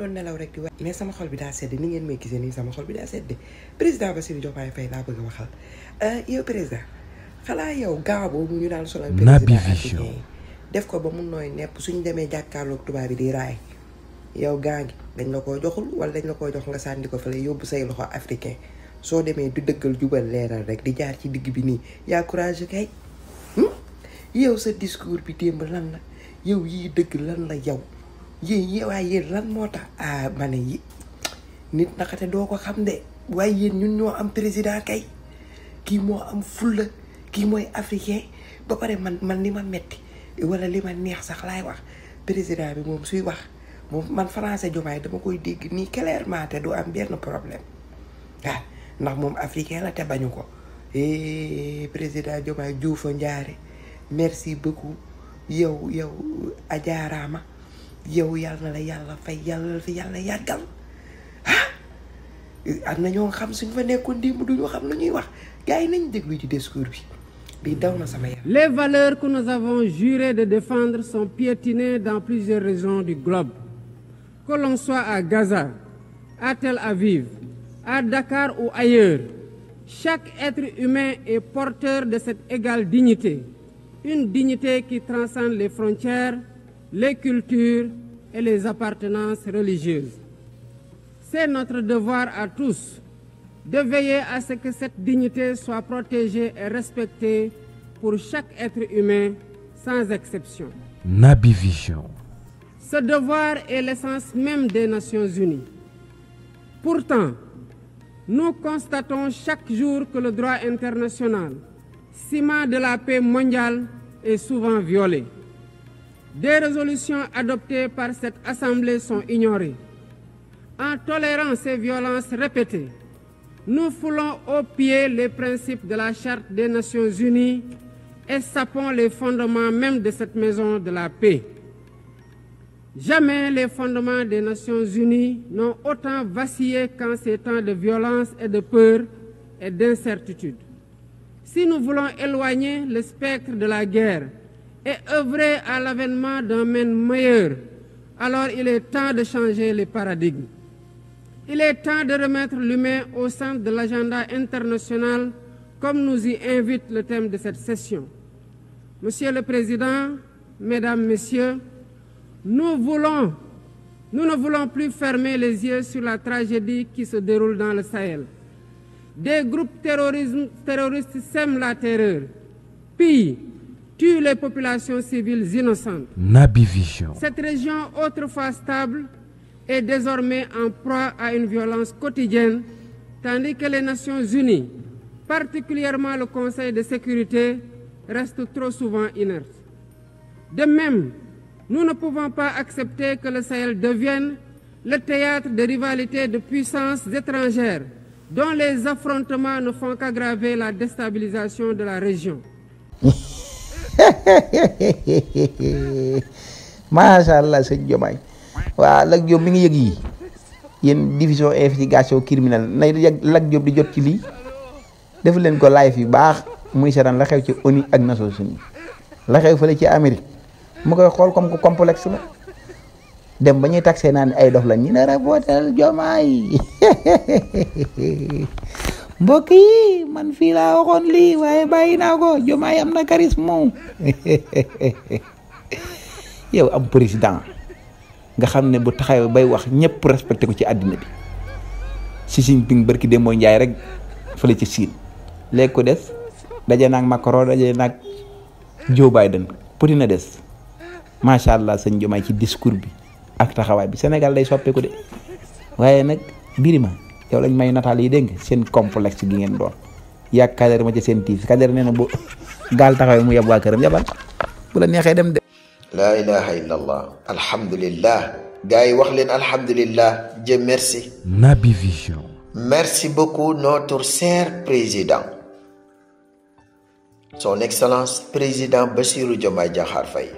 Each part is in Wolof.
doon nelaw rek di wax mais sama xol bi daa sedd ni ngeen may gisee nii sama xol bi daa sedd président Bassirou Diomaye Faye laa bëgg a waxal euh, yow président xalaa yow gaa ñu daan solal président def ko ba mu nooy nepp suñ demee jàkkaarloog tubaab bi di raay yow gaa ngi dañ la ko joxul wala dañ la koo jox nga sànni ko fa fële yóbbu say loxo africain soo demee di dëggal jubal leeral rek di jaar ci digg bi nii yaa courage kay hmm? yow sa discours bi démb lan la yow yii dëgg lan la yow yéen yéen waaye yéen lan moo tax ah yi nit nakate doo ko xam ne waaye yéen ñun ñoo am président kay kii moo am fulla kii mooy africain ba pare man man li ma metti wala li ma neex sax laay wax président bi moom suy wax moom man français jomaay dama koy dégg nii clairement te du am benn problème ah ndax moom africain la te bañu ko eh, président jomaay juufa njaare merci beaucoup yow yow ajaaraama Les valeurs que nous avons juré de défendre sont piétinées dans plusieurs régions du globe. Que l'on soit à Gaza, à Tel Aviv, à Dakar ou ailleurs, chaque être humain est porteur de cette égale dignité, une dignité qui transcende les frontières les cultures et les appartenances religieuses. C'est notre devoir à tous de veiller à ce que cette dignité soit protégée et respectée pour chaque être humain sans exception. Nabi Ce devoir est l'essence même des Nations Unies. Pourtant, nous constatons chaque jour que le droit international, ciment de la paix mondiale, est souvent violé des résolutions adoptées par cette Assemblée sont ignorées. En tolérant ces violences répétées, nous foulons au pied les principes de la Charte des Nations Unies et sapons les fondements même de cette maison de la paix. Jamais les fondements des Nations Unies n'ont autant vacillé qu'en ces temps de violence et de peur et d'incertitude. Si nous voulons éloigner le spectre de la guerre, et œuvrer à l'avènement d'un monde meilleur, alors il est temps de changer les paradigmes. Il est temps de remettre l'humain au centre de l'agenda international, comme nous y invite le thème de cette session. Monsieur le Président, Mesdames, Messieurs, nous nous ne voulons plus fermer les yeux sur la tragédie qui se déroule dans le Sahel. Des groupes terroristes sèment la terreur, pillent, tue les populations civiles innocentes. Cette région autrefois stable est désormais en proie à une violence quotidienne, tandis que les Nations Unies, particulièrement le Conseil de sécurité, restent trop souvent inertes. De même, nous ne pouvons pas accepter que le Sahel devienne le théâtre de rivalités de puissances étrangères dont les affrontements ne font qu'aggraver la déstabilisation de la région. macha allah sëñ Diomaye waaw Lat Diop mi ngi yëg yi yéen division investigation criminelle nay Lat Diop di jot ci lii def leen ko live yu baax muy seetaan la xew ci ONU ak Nations Unies la xew fële ci Amérique mu koy xool comme ko complexe la dem ba ñuy taxee naan ay dof la ñu ne rabotel Diomaye mbokk yi man fii laa waxoon lii waaye bàyyi naa ko jomaay am na charisme yow am président nga xam ne bu taxaw bay wax ñëpp respecté ko ci àddina bi Xi Jinping barki dem mooy njaay rek fële ci siin léegi ko des daje naag Macron daje naag Joe Biden Poutine des macha allah sëñ jomaay ci discours bi ak taxawaay bi Sénégal day soppeeku de waaye nag Birima yow lañ nataal yi dégg seen complexe gi ngeen doon yàgg Kader ma ci seen tiif Kader nee na gaal taxawee mu yab waa këram yabal bu la neexee dem de. laa ilaha illallah alhamdulillah gars yi wax leen alhamdulillah je merci. Naby Vision. merci beaucoup notre cher président son excellence président Bassirou Diomaye Diakhar Faye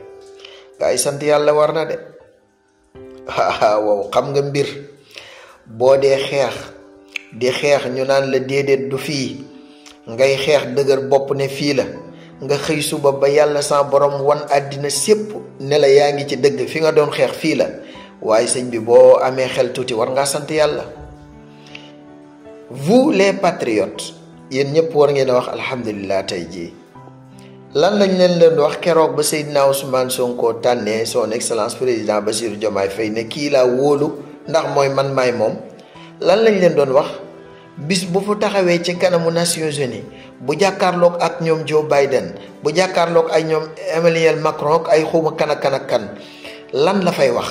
gars yi sant yàlla war na de waaw xam nga mbir boo dee xeex. di xeex ñu naan la déedéet du fii ngay xeex dëgër bopp ne fii la nga xëy suba ba yàlla sa borom wan àddina sépp nela yaa ngi ci dëgg fi nga doon xeex fii la waaye sëñ bi boo amee xel tuuti war nga sant yàlla vous les patriotes yéen ñëpp war ngeen a wax alhamdulillah tey jii lan lañ leen leen wax keroog ba seyd Seydina Ousmane Sonko tànnee son excellence président ba Bassirou jomaay Faye ne kii laa wóolu ndax mooy man maay moom lan lañ leen doon wax bis bu fu taxawé ci kanamu Nations Unies bu jàkkaarloog ak ñom Joe Biden bu jàkkaarloog ay ñom Emmanuel Macron ak ay xuma kana kan kan, kan lan la fay wax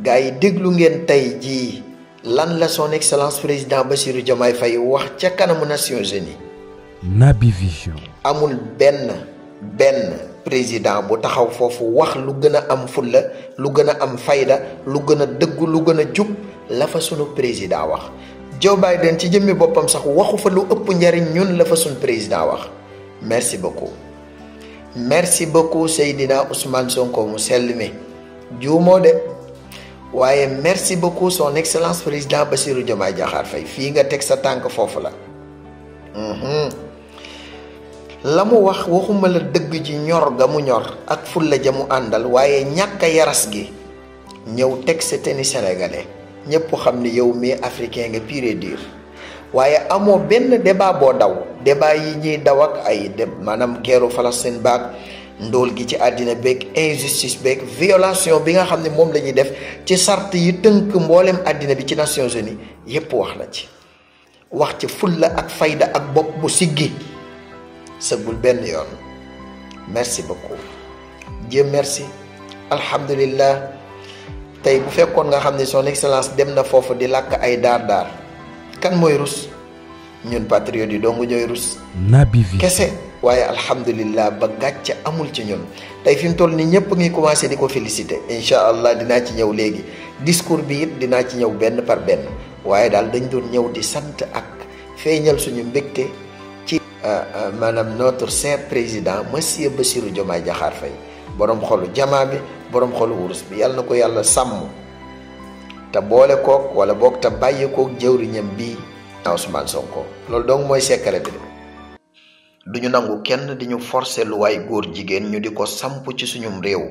gaay deglu ngeen tay ji lan la son excellence président Bassirou Diomaye fay wax ci kanamu Nations Unies nabi Vision amul Ben Ben président bu taxaw fofu wax lu gëna am fulla lu gëna am fayda lu gëna a lu gëna jup la fa sunu président wax Joe Biden ci jëmmi boppam sax waxu fa lu ëpp njariñ ñun la fa suñ président wax merci beaucoup merci beaucoup Seydina Ousmane Sonko mu sell mi juumoo de waaye merci beaucoup son excellence président Bassirou Diomaye Diakhar Faye fii nga teg sa tànk foofu la mhm. la mu wax waxuma la dëgg ji ñor ga mu ñor ak fulla ja mu àndal waaye ñàkk yaras gi ñëw teg sa tenni sénégalais ñëpp xam ni yow mais africain nga pur et waaye amoo benn débat boo daw débat yi ñuy daw ak ay de maanaam geeru seen baag ndool gi ci àddina beeg injustice beeg violation bi nga xam ne moom lañuy def ci sart yi tënk mbooleem àddina bi ci Nations Unies yépp wax na ci wax ci fulla ak fayda ak bopp bu siggi sëggul benn yoon merci beaucoup Dieu merci alhamdulillah tay bu fekkon nga xamni son excellence dem na fofu di lak ay dar dar kan moy rus ñun patriote yi dong ñoy rus nabi vi kese waye alhamdulillah ba amul ci ñun tay fim toll ni ñepp ngi commencé di féliciter inshallah dina ci ñew legi discours bi it ci ñew ben par ben waye dal dañ doon ñew di sante ak feñal suñu mbekté ci euh, euh, manam notre saint président monsieur Bassirou Diomaye jahar fay borom xolu jamaa bi boroom xolu wurus bi yàlla na ko yàlla sàmm te boole kook wala boog te bàyyi kook jëwriñam bii Ousmane Sonko loolu donc mooy secret bi du ñu nangu kenn di ñu forcer lu góor jigéen ñu di ko samp ci suñum réew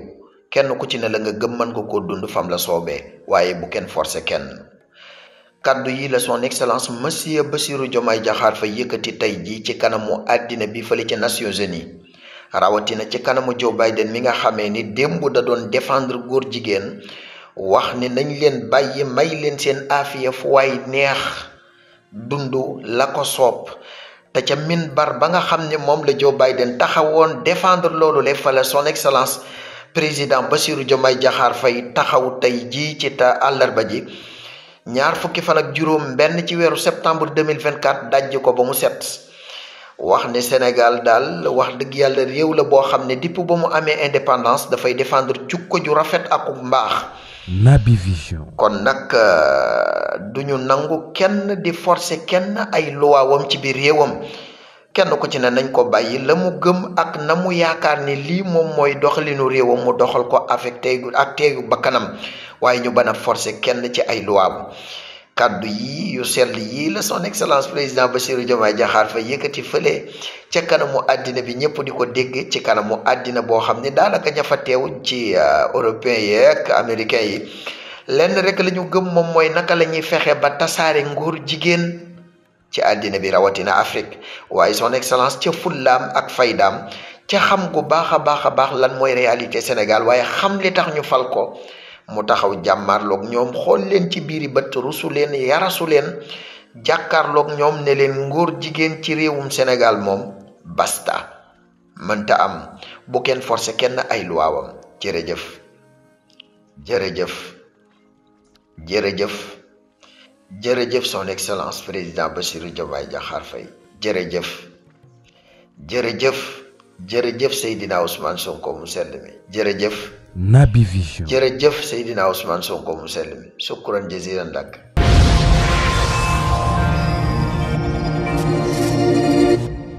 kenn ku ci ne la nga gëm mën ko ko dund fam la soobee waaye bu kenn forcer kenn kàddu yi la son excellence monsieur Bassirou Diomaye Diakhar fa yëkkati tey jii ci kanamu àddina bi fële ci Nations Unies rawatina ci kanamu Joe Biden mi nga xamee ni démb da doon défendre góor jigéen wax ni nañ leen bàyyi may leen seen afiya fu waay neex dundu la ko soob te ca min bar ba nga xam ne moom la Joe Biden taxawoon défendre loolu le fa la son excellence président Bassirou jomay Diakhar fay taxaw tey jii ci ta àllarba ji ñaar fukki fan ak juróom benn ci weeru septembre 2024 dajj ko ba mu set wax ne Sénégal daal wax dëgg yàlla réew la boo xam ne dipp ba mu amee indépendance dafay défendre jukko ju rafet ak mbaax. Naby Vision. kon nag euh, du ñu nangu kenn di forcer kenn ay luwaawam ci biir réewam kenn ku ci ne nañ ko bàyyi la mu gëm ak na mu yaakaar ne lii moom mooy doxalinu réewam mu doxal ko avec teegu ak teegu bakkanam waaye ñu bana forcer kenn ci ay luwaawam. kaddu yi yu sel yi le son excellence president Bassirou Diomaye jahar fa yekati fele ci kanamu adina bi ñepp diko degge ci kanamu adina bo xamni ne daanaka ña fa teewuñ ci euh, européen yi ak américain yi lenn rek lañu gëm mom moy naka lañuy fexé ba tasaare nguur jigen ci adina bi rawatina Afrique son excellence ci fulam ak faydam ci xam gu baxa baxa bax lan moy réalité Sénégal xam li tax ñu fal ko mu taxaw lok ñom xol leen ci biiri bët rusu leen yarasu leen lok ñom ne leen ngóor jigen ci rewum senegal mom basta ta am bu ken forcé ken ay luwaawam jërëjëf jërëjëf jërëjëf jërëjëf son excellence president Bassirou Diomaye Diakhar Faye jërëjëf jërëjëf jërëjëf sayidina Ousmane Sonko mu sedd Naby Vision jërëjëf Seydina Ousmane Sonko mu sell mi sukkuran jasiran lak